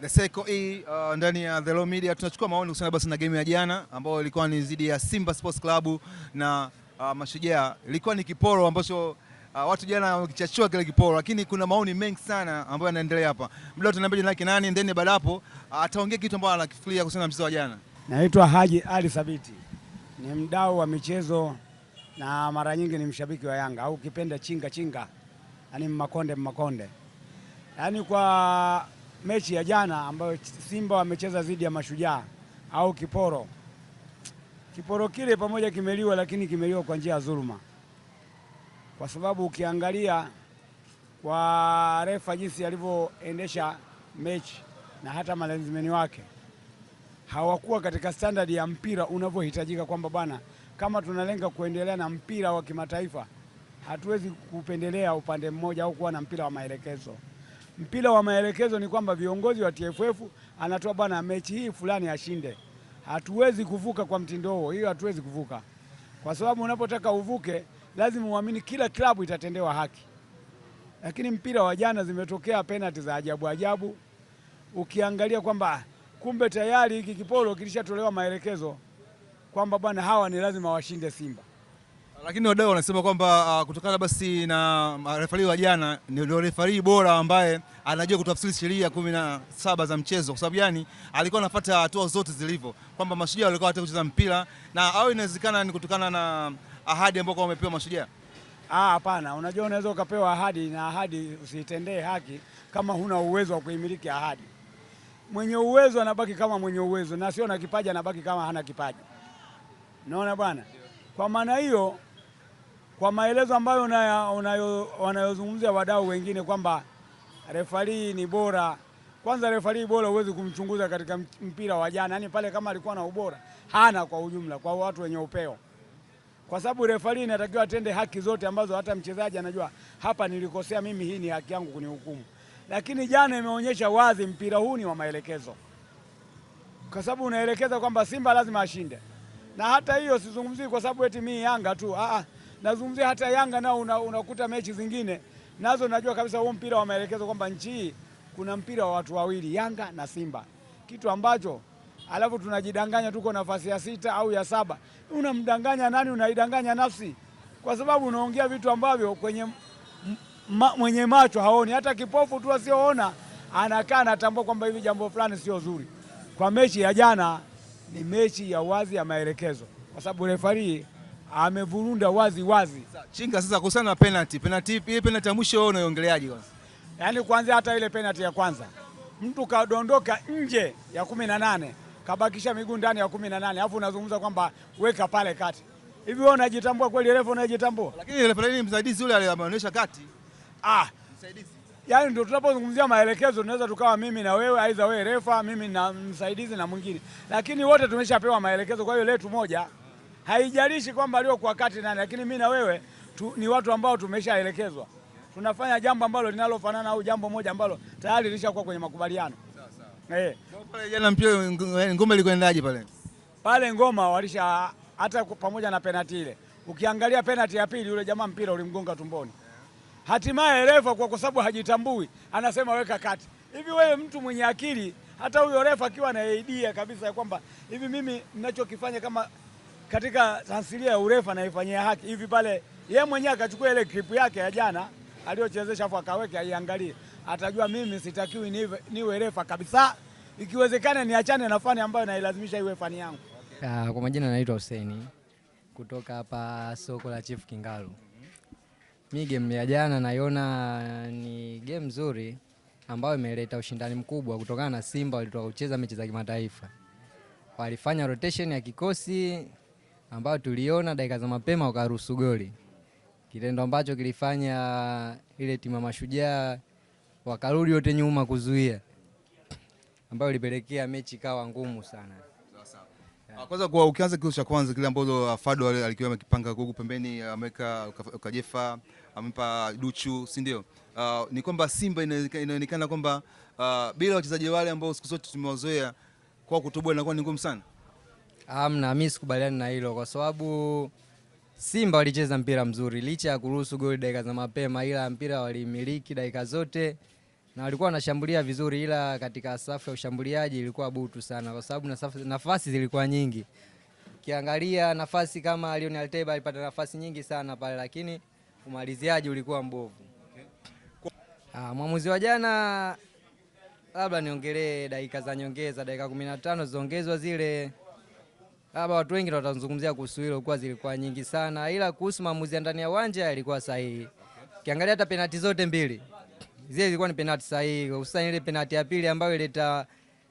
The Seco E uh, ndani ya The Low Media tunachukua maoni kuhusiana basi na game ya jana ambayo ilikuwa ni zidi ya Simba Sports Club na uh, Mashujaa. Ilikuwa ni kiporo ambacho uh, watu jana wakichachua kile kiporo, lakini kuna maoni mengi sana ambayo yanaendelea hapa. Mdau, tunaambia jina lake nani, ndeni baada hapo uh, ataongea kitu ambacho anakifikiria kuhusiana na mchezo wa jana. Naitwa Haji Ali Sabiti, ni mdau wa michezo na mara nyingi ni mshabiki wa Yanga au ukipenda chinga chinga, yani mmakonde mmakonde, yani kwa mechi ya jana ambayo Simba wamecheza dhidi ya Mashujaa au Kiporo. Kiporo kile pamoja kimeliwa, lakini kimeliwa kwa njia ya dhuluma, kwa sababu ukiangalia kwa refa jinsi alivyoendesha mechi na hata malenzimeni wake hawakuwa katika standard ya mpira unavyohitajika, kwamba bwana, kama tunalenga kuendelea na mpira wa kimataifa hatuwezi kupendelea upande mmoja au kuwa na mpira wa maelekezo mpira wa maelekezo ni kwamba viongozi wa TFF anatoa bwana, mechi hii fulani ashinde. Hatuwezi kuvuka kwa mtindo huo, hiyo hatuwezi kuvuka, kwa sababu unapotaka uvuke lazima uamini kila klabu itatendewa haki. Lakini mpira wa jana zimetokea penalti za ajabu ajabu, ukiangalia kwamba kumbe tayari hiki kiporo kilishatolewa maelekezo kwamba bwana, hawa ni lazima washinde Simba. Lakini wadau wanasema kwamba uh, kutokana basi na uh, refari wa jana ndio refari bora ambaye anajua kutafsiri sheria kumi na saba za mchezo, kwa sababu yani alikuwa anafuata hatua zote zilivyo, kwamba mashujaa walikuwa wanataka kucheza mpira na au inawezekana ni kutokana na ahadi ambayo wamepewa mashujaa. Ah, hapana. Unajua, unaweza ukapewa ahadi na ahadi usitendee haki kama huna uwezo wa kuimiliki ahadi. Mwenye uwezo anabaki kama mwenye uwezo na sio na kipaji anabaki kama hana kipaji. Naona bwana, kwa maana hiyo kwa maelezo ambayo wanayozungumzia wadau wengine kwamba refari ni bora. Kwanza refari bora huwezi kumchunguza katika mpira wa jana, yani pale kama alikuwa na ubora hana kwa ujumla, kwa watu wenye upeo, kwa sababu refari inatakiwa atende haki zote ambazo hata mchezaji anajua hapa nilikosea mimi, hii ni haki yangu kunihukumu. Lakini jana imeonyesha wazi mpira huu ni wa maelekezo, kwa sababu unaelekeza kwamba Simba lazima ashinde, na hata hiyo sizungumzii kwa sababu eti mimi Yanga tu, ah. ah. Nazungumzia hata Yanga nao unakuta una mechi zingine nazo, najua kabisa huo mpira wa maelekezo kwamba nchi hii kuna mpira wa watu wawili, Yanga na Simba, kitu ambacho alafu tunajidanganya tuko nafasi ya sita au ya saba. Unamdanganya nani? Unaidanganya nafsi, kwa sababu unaongea vitu ambavyo kwenye ma, mwenye macho haoni. Hata kipofu tu asioona anakaa anatambua kwamba hivi jambo fulani sio zuri. Kwa mechi ya jana, ni mechi ya wazi ya maelekezo, kwa sababu refarii amevurunda wazi wazi. Chinga sasa kusana penalty. Penalty ile penalty ya mwisho wewe unaongeleaje kwanza? Yaani kwanza hata ile penalty ya kwanza mtu kadondoka nje ya 18, kabakisha miguu ndani ya 18, alafu unazungumza kwamba weka pale kati. Hivi wewe unajitambua kweli refa unajitambua? Lakini refa ni msaidizi yule aliyeonyesha kati. Ah, msaidizi. Yaani ndio tunapozungumzia maelekezo tunaweza tukawa mimi na wewe aidha wewe refa, mimi na msaidizi na mwingine. Lakini wote tumeshapewa maelekezo kwa hiyo letu moja haijalishi kwamba aliyokuwa kati nani, lakini mi na wewe tu, ni watu ambao tumeshaelekezwa, tunafanya jambo ambalo linalofanana au jambo moja ambalo tayari lishakuwa kwenye makubaliano. Eh. pale jana mpira ngoma ilikwendaje pale? Pale ngoma walisha hata pamoja na penati ile, ukiangalia penati ya pili, yule jamaa mpira ulimgonga tumboni. Hatimaye refa kwa sababu hajitambui anasema weka kati. Hivi wewe mtu mwenye akili, hata huyo refa akiwa na idea kabisa ya kwamba hivi mimi ninachokifanya kama katika tamthilia ya urefu anaifanyia haki hivi pale, ye mwenyewe akachukua ile clip yake ya jana aliyochezesha, afu akaweke aiangalie, atajua mimi sitakiwi niwe, niwe refa kabisa. Ikiwezekana niachane na fani ambayo nailazimisha iwe fani yangu. Uh, kwa majina naitwa Huseni kutoka hapa soko la Chief Kingalu. Mi game ya jana naiona ni game nzuri ambayo imeleta ushindani mkubwa kutokana na Simba walitoka kucheza mechi za kimataifa, walifanya rotation ya kikosi ambayo tuliona dakika za mapema wakaruhusu goli, kitendo ambacho kilifanya ile timu ya Mashujaa wakarudi wote nyuma kuzuia, ambayo ilipelekea mechi kawa ngumu sana. Ah, kwanza kwa ukianza kitu cha kwanza kile ambacho ah, Fado alikiwa amekipanga huko pembeni, ah, ameweka Kajefa, amempa Duchu, si ndio? Uh, ni kwamba Simba inaonekana kwamba uh, bila wachezaji wale ambao siku zote tumewazoea, kwa kutoboa inakuwa ni ngumu sana. Amna, ah, mimi sikubaliani na hilo kwa sababu Simba walicheza mpira mzuri licha ya kuruhusu goli dakika za mapema, ila mpira walimiliki dakika zote na walikuwa wanashambulia vizuri, ila katika safu ya ushambuliaji ilikuwa butu sana, kwa sababu nafasi zilikuwa nyingi. Kiangalia nafasi kama Lionel Alteba alipata nafasi nyingi sana pale, lakini umaliziaji ulikuwa mbovu. Ah, mwamuzi wa jana, labda niongelee dakika za nyongeza, dakika 15 zongezwa zile labda watu wengi watazungumzia kuhusu hilo kwa zilikuwa nyingi sana, ila kuhusu maamuzi ya ndani ya uwanja yalikuwa sahihi. Ukiangalia hata penati zote mbili zile zilikuwa ni penati sahihi, hususani ile penati ya pili ambayo ileta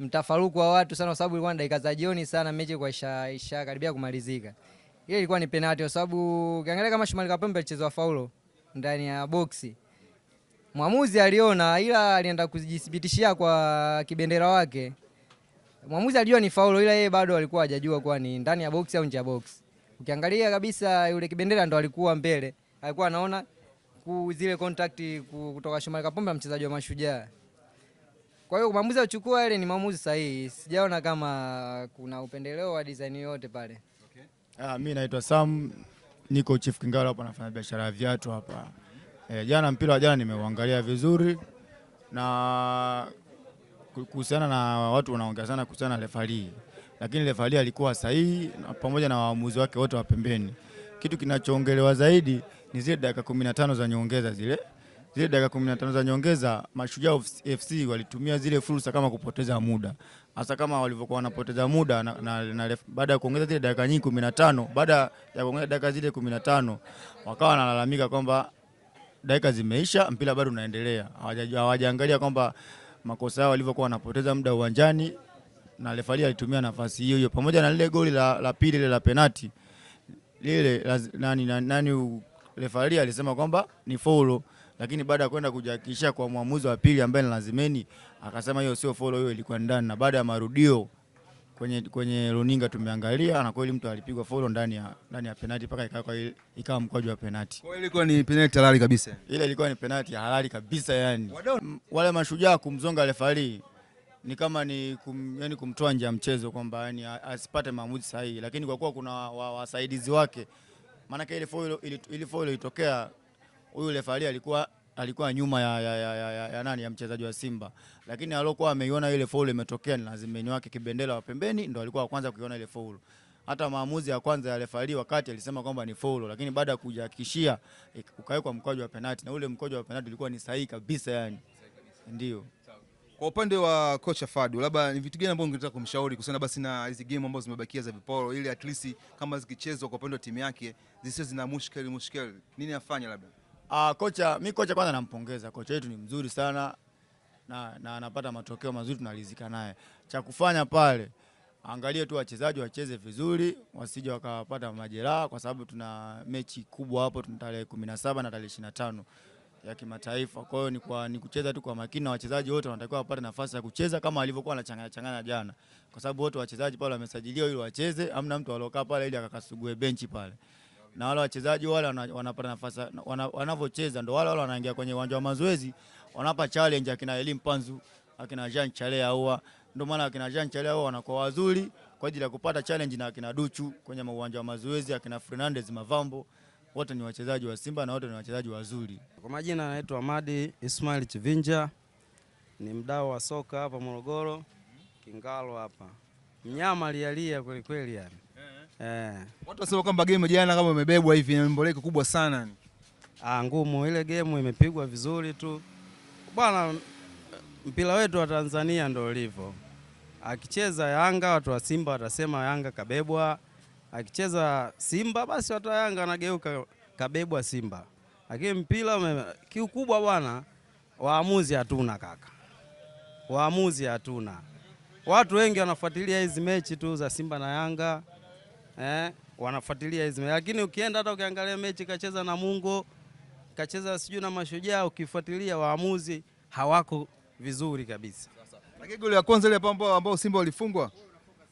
mtafaruku wa watu sana, kwa sababu ilikuwa ni dakika za jioni sana, mechi kwa isha, isha karibia kumalizika. Ile ilikuwa ni penati, kwa sababu ukiangalia kama Shomari Kapombe alichezwa faulo ndani ya boksi, mwamuzi aliona, ila alienda kujithibitishia kwa kibendera wake. Mwamuzi alijua ni faulo, ila yeye bado alikuwa hajajua kuwa ni ndani ya box au nje ya box. Ukiangalia kabisa yule Kibendera ndo alikuwa mbele, alikuwa anaona zile contact kutoka Shomari Kapombe, na mchezaji wa Mashujaa. Kwa hiyo maamuzi achukua ile ni maamuzi sahihi, sijaona kama kuna upendeleo wa design yote pale. Okay. Ah, mimi naitwa Sam, niko Chief Kingala hapa, nafanya biashara ya viatu hapa. E, jana mpira wa jana nimeuangalia vizuri na kuhusiana na watu wanaongea sana kuhusiana na refari, lakini refari alikuwa sahihi pamoja na waamuzi wake wote wa pembeni. Kitu kinachoongelewa zaidi ni zile dakika kumi na tano za nyongeza zile zile dakika kumi na tano za nyongeza Mashujaa FC walitumia zile fursa kama kupoteza muda, hasa kama walivyokuwa wanapoteza muda na, na, na, baada ya kuongeza zile dakika nyingi kumi na tano baada ya kuongeza dakika zile kumi na tano wakawa wanalalamika kwamba dakika zimeisha, mpira bado unaendelea, hawajaangalia kwamba makosa yao walivyokuwa wanapoteza muda uwanjani, na refari alitumia nafasi hiyo hiyo pamoja na lile goli la, la pili lile la penati lile la, nani, nani, nani refari alisema kwamba ni foul, lakini baada ya kwenda kujihakikishia kwa mwamuzi wa pili ambaye ni Lazimeni akasema hiyo sio foul, hiyo ilikuwa ndani, na baada ya marudio kwenye, kwenye runinga tumeangalia na kweli mtu alipigwa faulo ndani ya ndani ya penalti mpaka ikawa ikawa mkwaju wa penalti. Kwa ilikuwa ni penalti halali kabisa. Ile ilikuwa ni penalti halali kabisa yani. wale mashujaa kumzonga refari ni kama ni kum, yani kumtoa nje ya mchezo kwamba yani asipate maamuzi sahihi, lakini kwa kuwa kuna wasaidizi wa, wake maanake ile foul ilitokea, huyu refari alikuwa alikuwa nyuma ya, ya, ya, ya, ya, ya nani ya mchezaji wa Simba, lakini alokuwa ameiona ile faulu imetokea ni lazimeni wake kibendela wa pembeni ndo alikuwa wa kwanza kuiona ile faulu. Hata maamuzi ya kwanza ya refari wakati alisema kwamba ni faulu, lakini baada ya kujihakikishia e, ukawekwa mkwaju wa penalti, na ule mkwaju wa penalti ulikuwa ni sahihi kabisa, yani ndio kwa upande wa kocha Fadu, labda ni vitu gani ambavyo ungetaka kumshauri kuhusiana basi na hizi game ambazo zimebakia za viporo, ili at least kama zikichezwa kwa upande wa timu yake zisizo zina mushkeli mushkeli, nini afanye labda? Ah, kocha mi kocha kwanza nampongeza kocha wetu ni mzuri sana na, na anapata matokeo mazuri tunalizika naye. Cha kufanya pale angalie tu wachezaji wacheze vizuri wasije wakapata majeraha, kwa sababu tuna mechi kubwa hapo, tuna tarehe kumi na saba na tarehe ishirini na tano ya kimataifa. Kwa hiyo ni, kwa, ni kucheza tu kwa makini na wachezaji wote wanatakiwa wapate nafasi ya kucheza kama walivyokuwa wanachanganya changanya jana, kwa sababu wote wachezaji pale wamesajiliwa ili wacheze, amna mtu alokaa pale ili akakasugue benchi pale na wale wachezaji wale wanapata nafasi wanavyocheza, ndo wale wale wanaingia kwenye uwanja wa mazoezi, wanapa challenge akina Elim Panzu, akina Jean Chale Ahoua. Ndio maana akina Jean Chale Ahoua wanakuwa wazuri kwa ajili ya kupata challenge na akina Duchu kwenye uwanja wa mazoezi, akina Fernandez Mavambo, wote ni wachezaji wa Simba na wote ni wachezaji wazuri. Kwa majina anaitwa Ahmadi Ismail Chivinja, ni mdau wa soka hapa Morogoro, Kingalo hapa. Mnyama alialia kweli kweli yani. Eh. Watu wasema kwamba game jana kama imebebwa hivi na Mboleko kubwa sana. Ah, ngumu ile game imepigwa vizuri tu bwana. Mpira wetu wa Tanzania ndio ulivyo. Akicheza Yanga watu wa Simba watasema Yanga kabebwa, akicheza Simba basi watu wa Yanga wanageuka kabebwa Simba, lakini mpira kiukubwa bwana, waamuzi hatuna kaka, waamuzi hatuna. Watu wengi wanafuatilia hizi mechi tu za Simba na Yanga eh, wanafuatilia hizo, lakini ukienda hata ukiangalia mechi kacheza na Mungu, kacheza sijui na Mashujaa, ukifuatilia waamuzi hawako vizuri kabisa. Lakini goli la kwanza ile ambao Simba walifungwa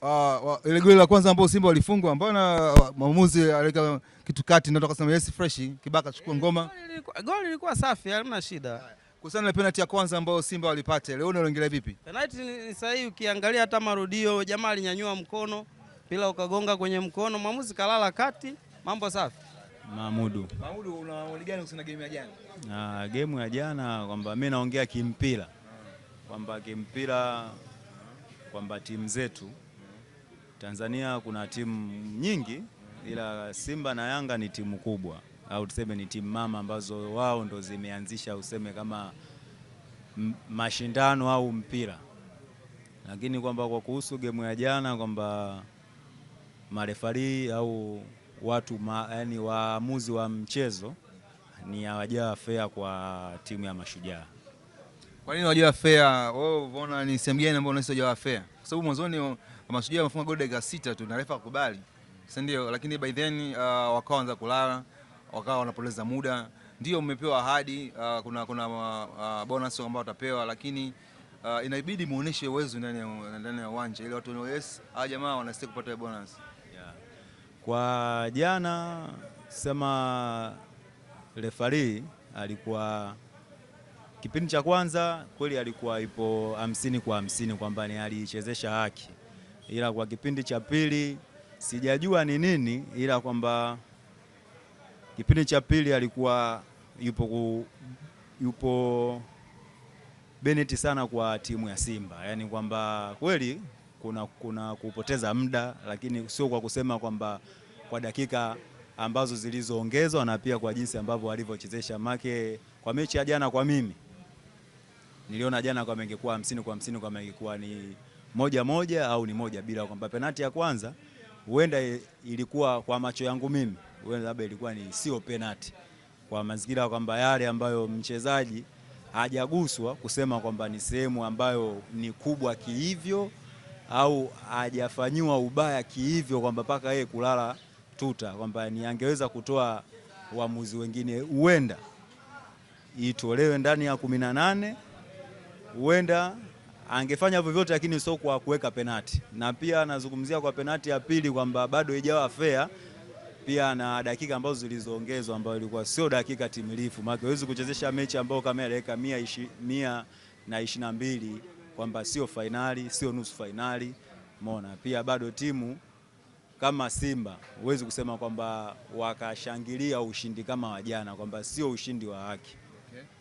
Uh, ile goli la kwanza ambao Simba walifungwa ambao na ah, mwamuzi aliweka kitu kati na tukasema yes fresh, Kibaka chukua eh, ngoma. Goli lilikuwa safi, hamna shida. kusana na penalty ya kwanza ambayo Simba walipata, leo unaongelea vipi? Penalty ni sahihi, ukiangalia hata marudio jamaa alinyanyua mkono mpira ukagonga kwenye mkono, mwamuzi kalala kati, mambo safi. Mahmudu, Mahmudu, unaona gani kuhusu game ya jana? Na game ya jana kwamba mimi naongea kimpira kwamba kimpira kwamba timu zetu Tanzania kuna timu nyingi, ila Simba na Yanga ni timu kubwa au tuseme ni timu mama ambazo wao ndo zimeanzisha useme kama mashindano au mpira, lakini kwamba kwa kuhusu gemu ya jana kwamba marefarii au watu ma, yani waamuzi wa mchezo ni hawajawa fea kwa timu ya Mashujaa. Kwa nini hawajawa fea? Wewe oh, unaona ni sehemu gani ambayo unahisi hawajawa fea? Kwa sababu mwanzoni Mashujaa wamefunga goli dakika sita tu na refa akubali, si ndio? Lakini by then uh, wakawa anza kulala, wakawa wanapoteza muda. Ndio mmepewa ahadi uh, kuna, kuna uh, uh, bonus ambao watapewa, lakini uh, inabidi muoneshe uwezo ndani ya ndani ya uwanja ili watu yes, jamaa wanastahili kupata bonus. Kwa jana sema refari alikuwa kipindi cha kwanza kweli alikuwa ipo hamsini kwa hamsini kwamba ni aliichezesha haki, ila kwa kipindi cha pili sijajua ni nini, ila kwamba kipindi cha pili alikuwa yupo, ku, yupo beneti sana kwa timu ya Simba, yaani kwamba kweli kuna, kuna kupoteza muda, lakini sio kwa kusema kwamba kwa dakika ambazo zilizoongezwa na pia kwa jinsi ambavyo walivyochezesha make kwa mechi ya jana. Kwa mimi niliona jana kama ingekuwa hamsini kwa hamsini kama ingekuwa ni moja moja au ni moja bila, kwamba penati ya kwanza huenda ilikuwa kwa macho yangu mimi huenda labda ilikuwa ni sio penati kwa mazingira kwamba yale ambayo mchezaji hajaguswa kusema kwamba ni sehemu ambayo ni kubwa kiivyo au hajafanyiwa ubaya kihivyo kwamba mpaka yeye kulala tuta, kwamba ni angeweza kutoa uamuzi wengine, huenda itolewe ndani ya kumi na nane, huenda angefanya vyovyote, lakini sio kwa kuweka penati. Na pia anazungumzia kwa penati ya pili kwamba bado ijawa fair, pia na dakika ambazo zilizoongezwa ambayo ilikuwa sio dakika timilifu, maana huwezi kuchezesha mechi ambayo kama dakika mia, mia na ishirini na mbili kwamba sio fainali, sio nusu fainali. Umeona, pia bado timu kama Simba huwezi kusema kwamba wakashangilia ushindi kama wajana, kwamba sio ushindi wa haki.